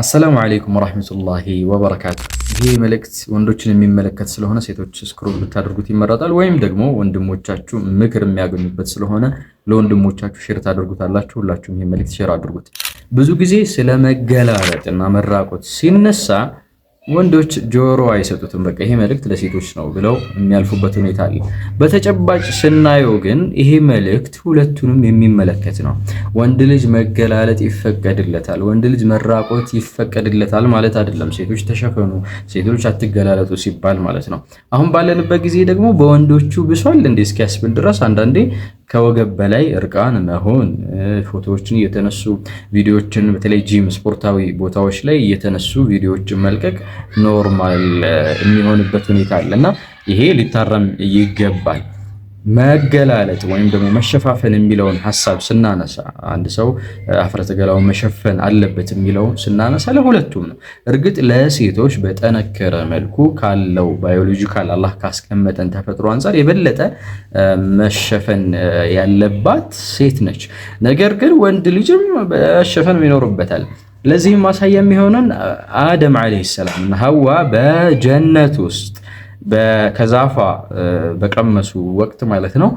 አሰላሙ አለይኩም ወራህመቱላሂ ወበረካቱ። ይህ መልእክት ወንዶችን የሚመለከት ስለሆነ ሴቶች ስክሮል ብታደርጉት ይመረጣል። ወይም ደግሞ ወንድሞቻችሁ ምክር የሚያገኙበት ስለሆነ ለወንድሞቻችሁ ሼር ታደርጉታላችሁ። ሁላችሁም ይህ መልእክት ሼር አድርጉት። ብዙ ጊዜ ስለ መገላለጥ እና መራቆት ሲነሳ ወንዶች ጆሮ አይሰጡትም። በቃ ይሄ መልእክት ለሴቶች ነው ብለው የሚያልፉበት ሁኔታ አለ። በተጨባጭ ስናየው ግን ይሄ መልእክት ሁለቱንም የሚመለከት ነው። ወንድ ልጅ መገላለጥ ይፈቀድለታል፣ ወንድ ልጅ መራቆት ይፈቀድለታል ማለት አይደለም። ሴቶች ተሸፈኑ፣ ሴቶች አትገላለጡ ሲባል ማለት ነው። አሁን ባለንበት ጊዜ ደግሞ በወንዶቹ ብሷል እንዴ እስኪያስብል ድረስ አንዳንዴ ከወገብ በላይ እርቃን መሆን፣ ፎቶዎችን እየተነሱ ቪዲዮዎችን በተለይ ጂም፣ ስፖርታዊ ቦታዎች ላይ እየተነሱ ቪዲዮዎችን መልቀቅ ኖርማል የሚሆንበት ሁኔታ አለ እና ይሄ ሊታረም ይገባል። መገላለጥ ወይም ደግሞ መሸፋፈን የሚለውን ሀሳብ ስናነሳ አንድ ሰው ሀፍረተ ገላውን መሸፈን አለበት የሚለውን ስናነሳ ለሁለቱም ነው። እርግጥ ለሴቶች በጠነከረ መልኩ ካለው ባዮሎጂካል አላህ ካስቀመጠን ተፈጥሮ አንጻር የበለጠ መሸፈን ያለባት ሴት ነች። ነገር ግን ወንድ ልጅም መሸፈን ይኖርበታል። ለዚህም ማሳያ የሚሆነን አደም ዓለይሂ ሰላም እና ሀዋ በጀነት ውስጥ ከዛፋ በቀመሱ ወቅት ማለት ነው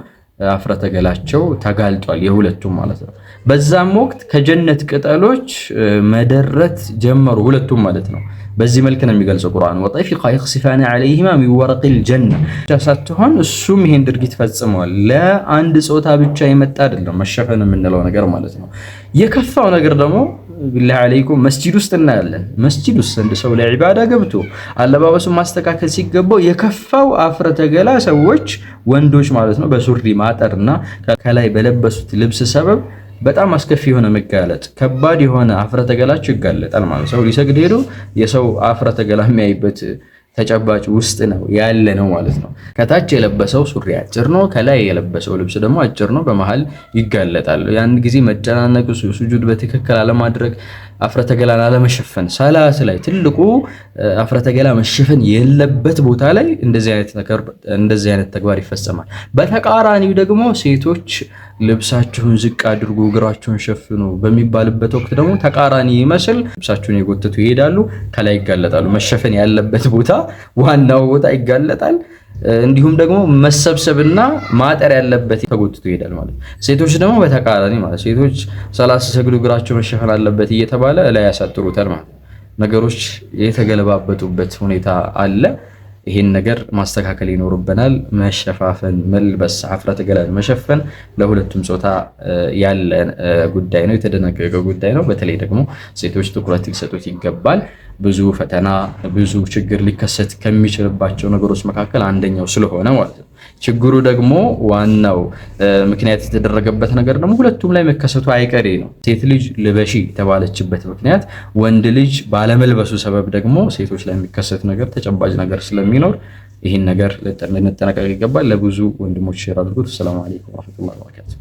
አፍረተ ገላቸው ተጋልጧል፣ የሁለቱም ማለት ነው። በዛም ወቅት ከጀነት ቅጠሎች መደረት ጀመሩ፣ ሁለቱም ማለት ነው። በዚህ መልክ ነው የሚገልጸው ቁርአን። ወጠፊቃ የክሲፋኒ ዐለይሂማ ሚን ወረቂል ጀና ሳትሆን እሱም ይሄን ድርጊት ፈጽመዋል። ለአንድ ፆታ ብቻ የመጣ አይደለም መሸፈን የምንለው ነገር ማለት ነው። የከፋው ነገር ደግሞ ቢላህ አለይኩም መስጂድ ውስጥ እናያለን። መስጂድ ውስጥ አንድ ሰው ለዒባዳ ገብቶ አለባበሱን ማስተካከል ሲገባው የከፋው አፍረተገላ ሰዎች ወንዶች ማለት ነው በሱሪ ማጠርና ከላይ በለበሱት ልብስ ሰበብ በጣም አስከፊ የሆነ መጋለጥ ከባድ የሆነ አፍረተገላቸው ይጋለጣል ማለት ሰው ሊሰግድ ሄዶ የሰው አፍረተገላ የሚያይበት ተጨባጭ ውስጥ ነው ያለ ነው ማለት ነው። ከታች የለበሰው ሱሪ አጭር ነው፣ ከላይ የለበሰው ልብስ ደግሞ አጭር ነው፣ በመሀል ይጋለጣል። ያን ጊዜ መጨናነቅ፣ ሱጁድ በትክክል አለማድረግ አፍረተ ገላን አለመሸፈን ሰላት ላይ ትልቁ አፍረተ ገላ መሸፈን የለበት ቦታ ላይ እንደዚህ አይነት ተግባር ይፈጸማል። በተቃራኒው ደግሞ ሴቶች ልብሳችሁን ዝቅ አድርጉ፣ እግራችሁን ሸፍኑ በሚባልበት ወቅት ደግሞ ተቃራኒ ይመስል ልብሳችሁን የጎተቱ ይሄዳሉ፣ ከላይ ይጋለጣሉ። መሸፈን ያለበት ቦታ ዋናው ቦታ ይጋለጣል። እንዲሁም ደግሞ መሰብሰብና ማጠር ያለበት ተጎትቶ ይሄዳል ማለት ነው። ሴቶች ደግሞ በተቃራኒ ማለት ሴቶች ሰላት ሰግዱ እግራቸው መሸፈን አለበት እየተባለ ላይ ያሳጥሩታል ማለት ነገሮች የተገለባበጡበት ሁኔታ አለ። ይህን ነገር ማስተካከል ይኖርብናል። መሸፋፈን፣ መልበስ፣ አፍረተ ገላን መሸፈን ለሁለቱም ጾታ ያለ ጉዳይ ነው፣ የተደነገገ ጉዳይ ነው። በተለይ ደግሞ ሴቶች ትኩረት ሊሰጡት ይገባል። ብዙ ፈተና፣ ብዙ ችግር ሊከሰት ከሚችልባቸው ነገሮች መካከል አንደኛው ስለሆነ ማለት ነው። ችግሩ ደግሞ ዋናው ምክንያት የተደረገበት ነገር ደግሞ ሁለቱም ላይ መከሰቱ አይቀሬ ነው። ሴት ልጅ ልበሺ የተባለችበት ምክንያት ወንድ ልጅ ባለመልበሱ ሰበብ ደግሞ ሴቶች ላይ የሚከሰት ነገር ተጨባጭ ነገር ስለሚኖር ይህን ነገር ልንጠነቀቅ ይገባል። ለብዙ ወንድሞች ሼር አድርጉት። ሰላም አለይኩም ረመቱላ በረካቱ